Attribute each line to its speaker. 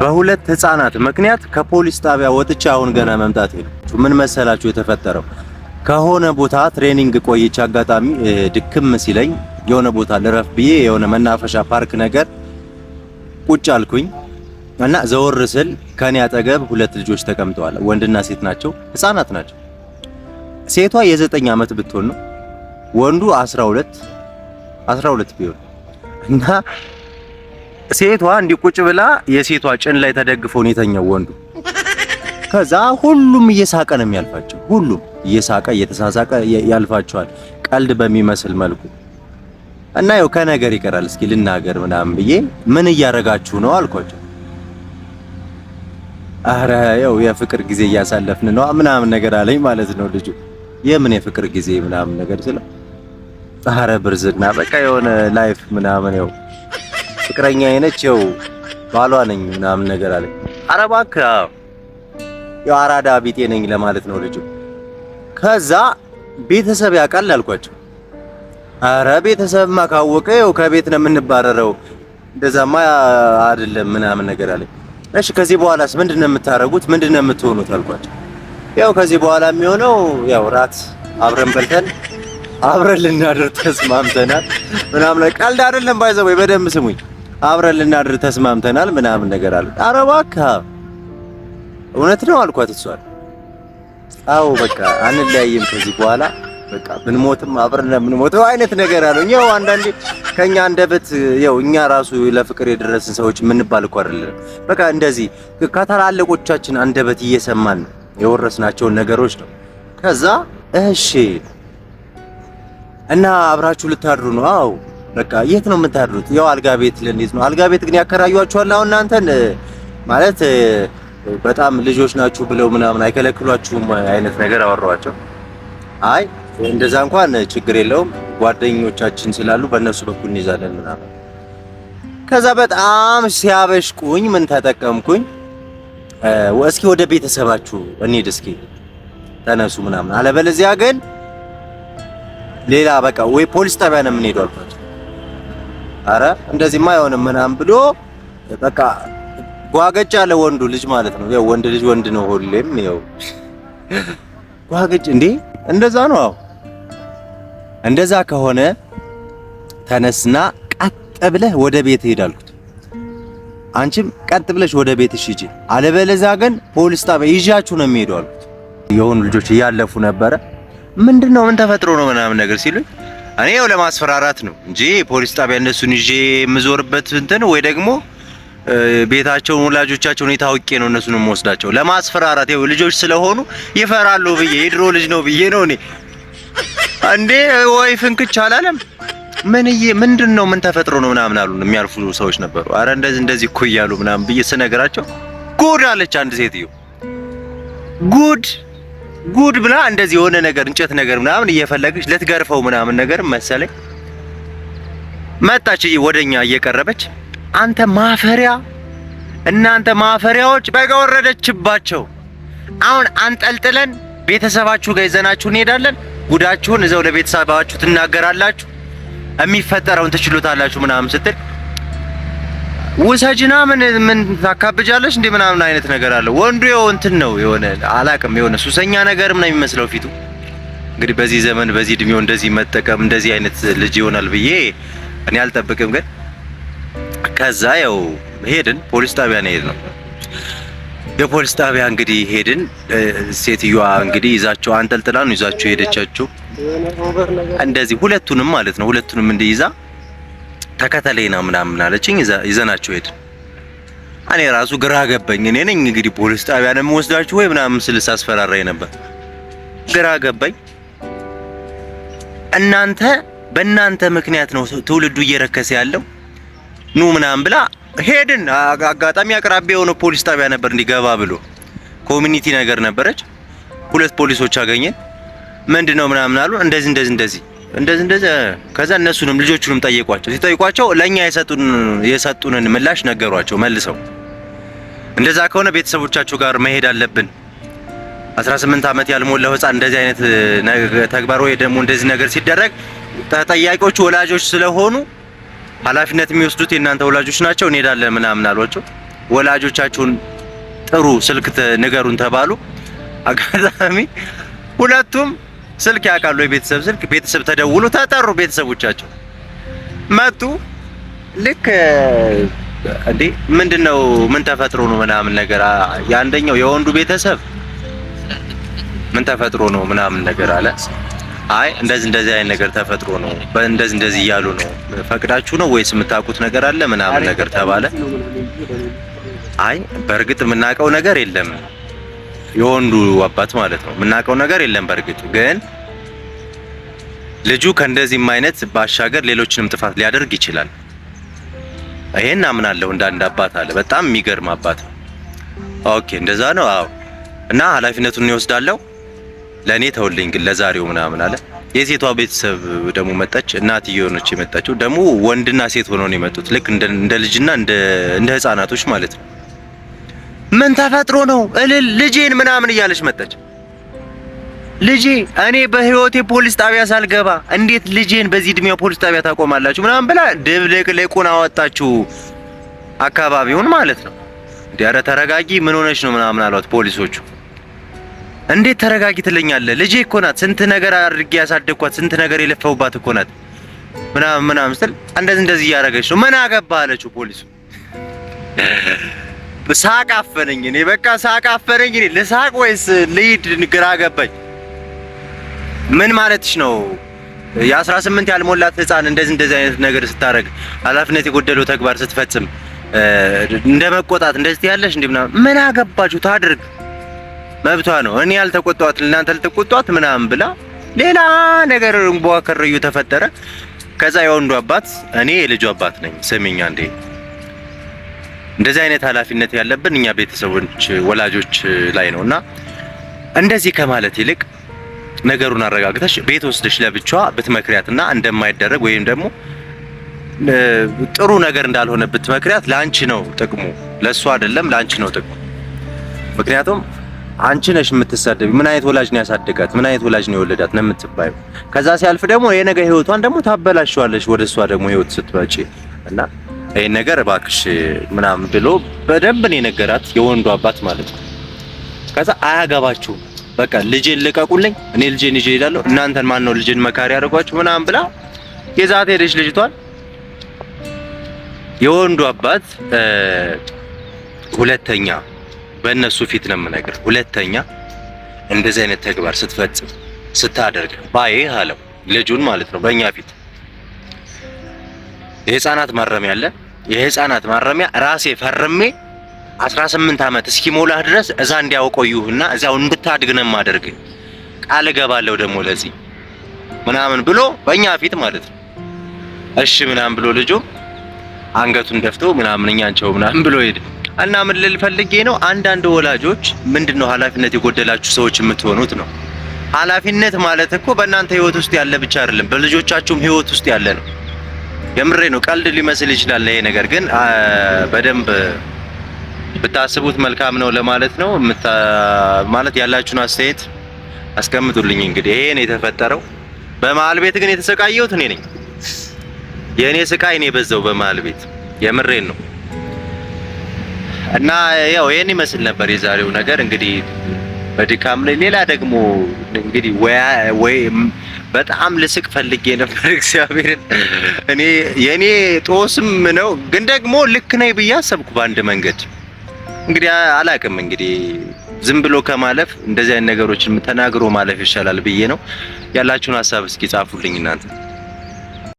Speaker 1: በሁለት ህፃናት ምክንያት ከፖሊስ ጣቢያ ወጥቼ አሁን ገና መምጣት ነው። ምን መሰላችሁ የተፈጠረው ከሆነ ቦታ ትሬኒንግ ቆይቼ አጋጣሚ ድክም ሲለኝ የሆነ ቦታ ልረፍ ብዬ የሆነ መናፈሻ ፓርክ ነገር ቁጭ አልኩኝ እና ዘወር ስል ከኔ አጠገብ ሁለት ልጆች ተቀምጠዋል። ወንድና ሴት ናቸው፣ ህፃናት ናቸው። ሴቷ የዘጠኝ ዓመት ብትሆን ነው ወንዱ 12 12 ቢሆን እና ሴቷ እንዲቁጭ ብላ የሴቷ ጭን ላይ ተደግፎ ነው የተኛው ወንዱ። ከዛ ሁሉም እየሳቀ ነው የሚያልፋቸው። ሁሉም እየሳቀ እየተሳሳቀ ያልፋቸዋል፣ ቀልድ በሚመስል መልኩ እና ያው ከነገር ይቀራል። እስኪ ልናገር ምናምን ብዬ ምን እያረጋችሁ ነው አልኳቸው። አረ ያው የፍቅር ጊዜ እያሳለፍን ነው ምናምን ነገር አለኝ ማለት ነው ልጁ። የምን የፍቅር ጊዜ ምናምን ነገር ስለ አረ ብርዝና በቃ የሆነ ላይፍ ምናምን ያው ፍቅረኛ አይነች ው ባሏ ነኝ ምናምን ነገር አለ። ኧረ እባክህ ያው አራዳ ቢጤ ነኝ ለማለት ነው ልጁ። ከዛ ቤተሰብ ያውቃል አልኳቸው። አረ ቤተሰብማ ካወቀ ያው ከቤት ነው የምንባረረው፣ እንደዛማ አይደለም ምናምን ነገር አለ። እሺ ከዚህ በኋላስ ምንድን ነው የምታረጉት? ምንድን ነው የምትሆኑት? አልኳቸው። ያው ከዚህ በኋላ የሚሆነው ያው ራት አብረን በልተን አብረን ልናደር ተስማምተናል ምናምን። ቀልድ አይደለም ባይዘው በደንብ ስሙኝ። አብረን ልናድር ተስማምተናል ምናምን ነገር አለ። ኧረ እባክህ እውነት ነው አልኳት። እሷል አዎ በቃ አንለያይም ከዚህ በኋላ በቃ ብንሞትም አብረን ብንሞትም አይነት ነገር አለው። ያው አንዳንዴ ከኛ አንደበት ያው እኛ ራሱ ለፍቅር የደረስን ሰዎች የምንባል እኮ አይደለም። በቃ እንደዚህ ከታላላቆቻችን አንደበት እየሰማን የወረስናቸውን ነገሮች ነው። ከዛ እሺ እና አብራችሁ ልታድሩ ነው? አዎ በቃ የት ነው የምታድሩት? ያው አልጋ ቤት ልንይዝ ነው። አልጋ ቤት ግን ያከራዩአችኋል። አሁን እናንተን ማለት በጣም ልጆች ናችሁ ብለው ምናምን አይከለክሏችሁም አይነት ነገር አወራዋቸው። አይ እንደዛ እንኳን ችግር የለውም ጓደኞቻችን ስላሉ በእነሱ በኩል እንይዛለን ምናምን። ከዛ በጣም ሲያበሽቁኝ ምን ተጠቀምኩኝ፣ እስኪ ወደ ቤተሰባችሁ እንሂድ፣ እስኪ ተነሱ ምናምን፣ አለበለዚያ ግን ሌላ በቃ ወይ ፖሊስ ጣቢያ ነው የምንሄደው አልኳቸው። አረ እንደዚህማ አይሆንም ምናምን ብሎ በቃ ጓገጭ ያለ ወንዱ ልጅ ማለት ነው። ያው ወንድ ልጅ ወንድ ነው ሁሌም ያው ጓገጭ እንዴ እንደዛ ነው። አዎ እንደዛ ከሆነ ተነስና ቀጥ ብለህ ወደ ቤት ሄዳልኩት። አንቺም ቀጥ ብለሽ ወደ ቤትሽ ሂጂ፣ አለበለዚያ ግን ፖሊስ ጣቢያ ይዣችሁ ነው የሚሄዱ አልኩት። የሆኑ ልጆች እያለፉ ነበረ። ምንድነው ምን ተፈጥሮ ነው ምናምን ነገር ሲሉኝ እኔ ያው ለማስፈራራት ነው እንጂ ፖሊስ ጣቢያ እነሱን ይዤ የምዞርበት እንትን ወይ ደግሞ ቤታቸውን ወላጆቻቸው ሁኔታ አውቄ ነው እነሱን የምወስዳቸው ለማስፈራራት። ያው ልጆች ስለሆኑ ይፈራሉ ብዬ የድሮ ልጅ ነው ብዬ ነው እኔ እንዴ ወይ ፍንክች አላለም። ምን ምንድን ነው ምን ተፈጥሮ ነው ምናምን አሉ የሚያልፉ ሰዎች ነበሩ። አረ እንደዚህ እንደዚህ እኮ እያሉ ምናምን ብዬ ስነግራቸው ጉድ አለች አንድ ሴትዮ ጉድ ጉድ ብላ እንደዚህ የሆነ ነገር እንጨት ነገር ምናምን እየፈለገች ልትገርፈው ምናምን ነገር መሰለኝ መጣች ወደኛ እየቀረበች አንተ ማፈሪያ እናንተ ማፈሪያዎች በጋ ወረደችባቸው። አሁን አንጠልጥለን ቤተሰባችሁ ጋር ይዘናችሁ እንሄዳለን። ጉዳችሁን እዛው ለቤተሰባችሁ ትናገራላችሁ፣ የሚፈጠረውን ትችሉታላችሁ ምናምን ስትል ውሰጅና ምን ምን ታካብጃለሽ እንዴ ምናምን አይነት ነገር አለ። ወንዱ ይኸው እንትን ነው የሆነ አላቅም የሆነ ሱሰኛ ነገርም ነው የሚመስለው ፊቱ። እንግዲህ በዚህ ዘመን በዚህ እድሜው እንደዚህ መጠቀም እንደዚህ አይነት ልጅ ይሆናል ብዬ እኔ አልጠብቅም። ግን ከዛ ያው ሄድን ፖሊስ ጣቢያ ነው ነው የፖሊስ ጣቢያ እንግዲህ ሄድን። ሴትዮዋ እንግዲህ ይዛቸው አንጠልጥላ ነው ይዛቸው ሄደቻቸው። እንደዚህ ሁለቱንም ማለት ነው ሁለቱንም እንዲይዛ ተከተለኝና ምናምን አለችኝ። ይዘናቸው ሄድን። እኔ ራሱ ግራ ገባኝ። እኔ ነኝ እንግዲህ ፖሊስ ጣቢያ ነው የምወስዳችሁ ወይ ምናምን ስል ሳስፈራራኝ ነበር። ግራ ገባኝ። እናንተ በእናንተ ምክንያት ነው ትውልዱ እየረከሰ ያለው ኑ ምናምን ብላ ሄድን። አጋጣሚ አቅራቢያ የሆነ ፖሊስ ጣቢያ ነበር እንዲገባ ብሎ ኮሚኒቲ ነገር ነበረች። ሁለት ፖሊሶች አገኘን። ምንድን ነው ምናምን አሉ። እንደዚህ እንደዚህ እንደዚህ እንደዚህ እንደዚህ ከዛ እነሱንም ልጆቹንም ጠየቋቸው። ሲጠይቋቸው ለኛ የሰጡን የሰጡንን ምላሽ ነገሯቸው መልሰው እንደዛ ከሆነ ቤተሰቦቻቸው ጋር መሄድ አለብን። 18 ዓመት ያልሞላው ህፃን እንደዚህ አይነት ተግባር ወይ ደግሞ እንደዚህ ነገር ሲደረግ ተጠያቂዎቹ ወላጆች ስለሆኑ ኃላፊነት የሚወስዱት የእናንተ ወላጆች ናቸው፣ እንሄዳለን ምናምን አሏቸው። ወላጆቻችሁን ጥሩ ስልክ ንገሩን ተባሉ። አጋጣሚ ሁለቱም ስልክ ያውቃሉ። የቤተሰብ ስልክ ቤተሰብ ተደውሎ ተጠሩ። ቤተሰቦቻቸው መጡ። ልክ እንዴ ምንድነው? ምን ተፈጥሮ ነው ምናምን ነገር የአንደኛው የወንዱ ቤተሰብ ምን ተፈጥሮ ነው ምናምን ነገር አለ። አይ እንደዚህ እንደዚህ አይነት ነገር ተፈጥሮ ነው እንደዚህ እንደዚህ እያሉ ነው። ፈቅዳችሁ ነው ወይስ የምታውቁት ነገር አለ ምናምን ነገር ተባለ። አይ በእርግጥ የምናውቀው ነገር የለም የወንዱ አባት ማለት ነው። የምናውቀው ነገር የለም። በእርግጥ ግን ልጁ ከእንደዚህም አይነት ባሻገር ሌሎችንም ጥፋት ሊያደርግ ይችላል። ይሄን አምናለሁ። እንዳንድ አባት አለ። በጣም የሚገርም አባት ነው። ኦኬ፣ እንደዛ ነው። አዎ። እና ኃላፊነቱን ይወስዳለሁ። ለእኔ ተውልኝ ግን ለዛሬው ምናምን አለ። የሴቷ ቤተሰብ ደግሞ መጣች። እናትዬ ሆነች የመጣችው ደግሞ ወንድና ሴት ሆነው ነው የመጡት። ልክ እንደ ልጅና እንደ ህፃናቶች ማለት ነው። ምን ተፈጥሮ ነው እልል ልጄን ምናምን እያለች መጣች። ልጄ እኔ በህይወቴ ፖሊስ ጣቢያ ሳልገባ እንዴት ልጄን በዚህ እድሜው ፖሊስ ጣቢያ ታቆማላችሁ? ምናምን ብላ ድብልቅልቁን አወጣችሁ አካባቢውን ማለት ነው። እንዲህ ኧረ ተረጋጊ፣ ምን ሆነች ነው ምናምን አሏት ፖሊሶቹ። እንዴት ተረጋጊ ትለኛለ? ልጄ እኮ ናት፣ ስንት ነገር አድርጌ ያሳደግኳት፣ ስንት ነገር የለፈውባት እኮ ናት ምናምን ምናምን ስትል እንደዚህ እንደዚህ እያደረገች ነው። ምን አገባ አለችው ፖሊሱ። ሳቅ አፈነኝ። እኔ በቃ ሳቅ አፈነኝ። እኔ ልሳቅ ወይስ ልሂድ? ግራ ገባኝ። ምን ማለትሽ ነው? የአስራ ስምንት ያልሞላት ህፃን እንደዚህ እንደዚህ አይነት ነገር ስታደርግ ኃላፊነት የጎደለው ተግባር ስትፈጽም እንደ መቆጣት እንደዚህ ያለሽ እንዴ ምናምን ምን አገባችሁ? ታድርግ መብቷ ነው። እኔ ያልተቆጣኋት እናንተ ልትቆጧት ምናምን ብላ ሌላ ነገር እንቧከረዩ ተፈጠረ። ከዛ የወንዱ አባት እኔ የልጁ አባት ነኝ። ስሚኝ እንዴ እንደዚህ አይነት ኃላፊነት ያለብን እኛ ቤተሰቦች ወላጆች ላይ ነውና እንደዚህ ከማለት ይልቅ ነገሩን አረጋግተሽ ቤት ወስደሽ ለብቻዋ ብትመክሪያትና እንደማይደረግ ወይም ደግሞ ጥሩ ነገር እንዳልሆነ ብትመክሪያት ለአንቺ ነው ጥቅሙ፣ ለእሱ አይደለም። ለአንቺ ነው ጥቅሙ። ምክንያቱም አንቺ ነሽ የምትሳደቢ። ምን አይነት ወላጅ ነው ያሳደጋት? ምን አይነት ወላጅ ነው የወለዳት ነው የምትባዩ። ከዛ ሲያልፍ ደግሞ የነገ ህይወቷን ደግሞ ታበላሸዋለሽ። ወደ እሷ ደግሞ ህይወት ስትመጪ እና ይህን ነገር እባክሽ ምናምን ብሎ በደንብ ነው የነገራት፣ የወንዱ አባት ማለት ነው። ከዛ አያገባችሁም፣ በቃ ልጄን ልቀቁልኝ፣ እኔ ልጄን ይዤ እሄዳለሁ፣ እናንተን ማን ነው ልጄን መካሪ ያደርጓችሁ ምናምን ብላ የዛት ሄደች ልጅቷን። የወንዱ አባት ሁለተኛ በእነሱ ፊት ነው የምነግር፣ ሁለተኛ እንደዚህ አይነት ተግባር ስትፈጽም ስታደርግ ባይህ አለው ልጁን ማለት ነው በእኛ ፊት የህፃናት ማረሚያ አለ። የህፃናት ማረሚያ ራሴ ፈርሜ 18 ዓመት እስኪሞላህ ድረስ እዛ እንዲያውቆዩህና እዛው እንድታድግ ነው ማደርግ ቃል እገባለሁ ደግሞ ለዚህ ምናምን ብሎ በእኛ ፊት ማለት ነው። እሺ ምናምን ብሎ ልጁ አንገቱን ደፍቶ ምናምን ቸው ምናምን ብሎ ሄደ እና ምን ልል ፈልጌ ነው፣ አንዳንድ ወላጆች ምንድነው ኃላፊነት የጎደላችሁ ሰዎች የምትሆኑት ነው። ኃላፊነት ማለት እኮ በእናንተ ህይወት ውስጥ ያለ ብቻ አይደለም፣ በልጆቻችሁም ህይወት ውስጥ ያለ ነው። የምሬ ነው። ቀልድ ሊመስል ይችላል ይሄ ነገር፣ ግን በደንብ ብታስቡት መልካም ነው ለማለት ነው። ማለት ያላችሁን አስተያየት አስቀምጡልኝ። እንግዲህ ይሄ ነው የተፈጠረው። በመሀል ቤት ግን የተሰቃየሁት እኔ ነኝ። የእኔ ስቃይ ነው የበዛው በመሀል ቤት። የምሬን ነው። እና ያው ይሄን ይመስል ነበር የዛሬው ነገር እንግዲህ በድካም ላይ ሌላ ደግሞ እንግዲህ ወይ በጣም ልስቅ ፈልጌ ነበር። እግዚአብሔርን እኔ የኔ ጦስም ነው፣ ግን ደግሞ ልክ ነኝ ብዬ አሰብኩ በአንድ መንገድ። እንግዲህ አላቅም እንግዲህ ዝም ብሎ ከማለፍ እንደዚህ አይነት ነገሮችን ተናግሮ ማለፍ ይሻላል ብዬ ነው። ያላችሁን ሀሳብ እስኪ ጻፉልኝ እናንተ።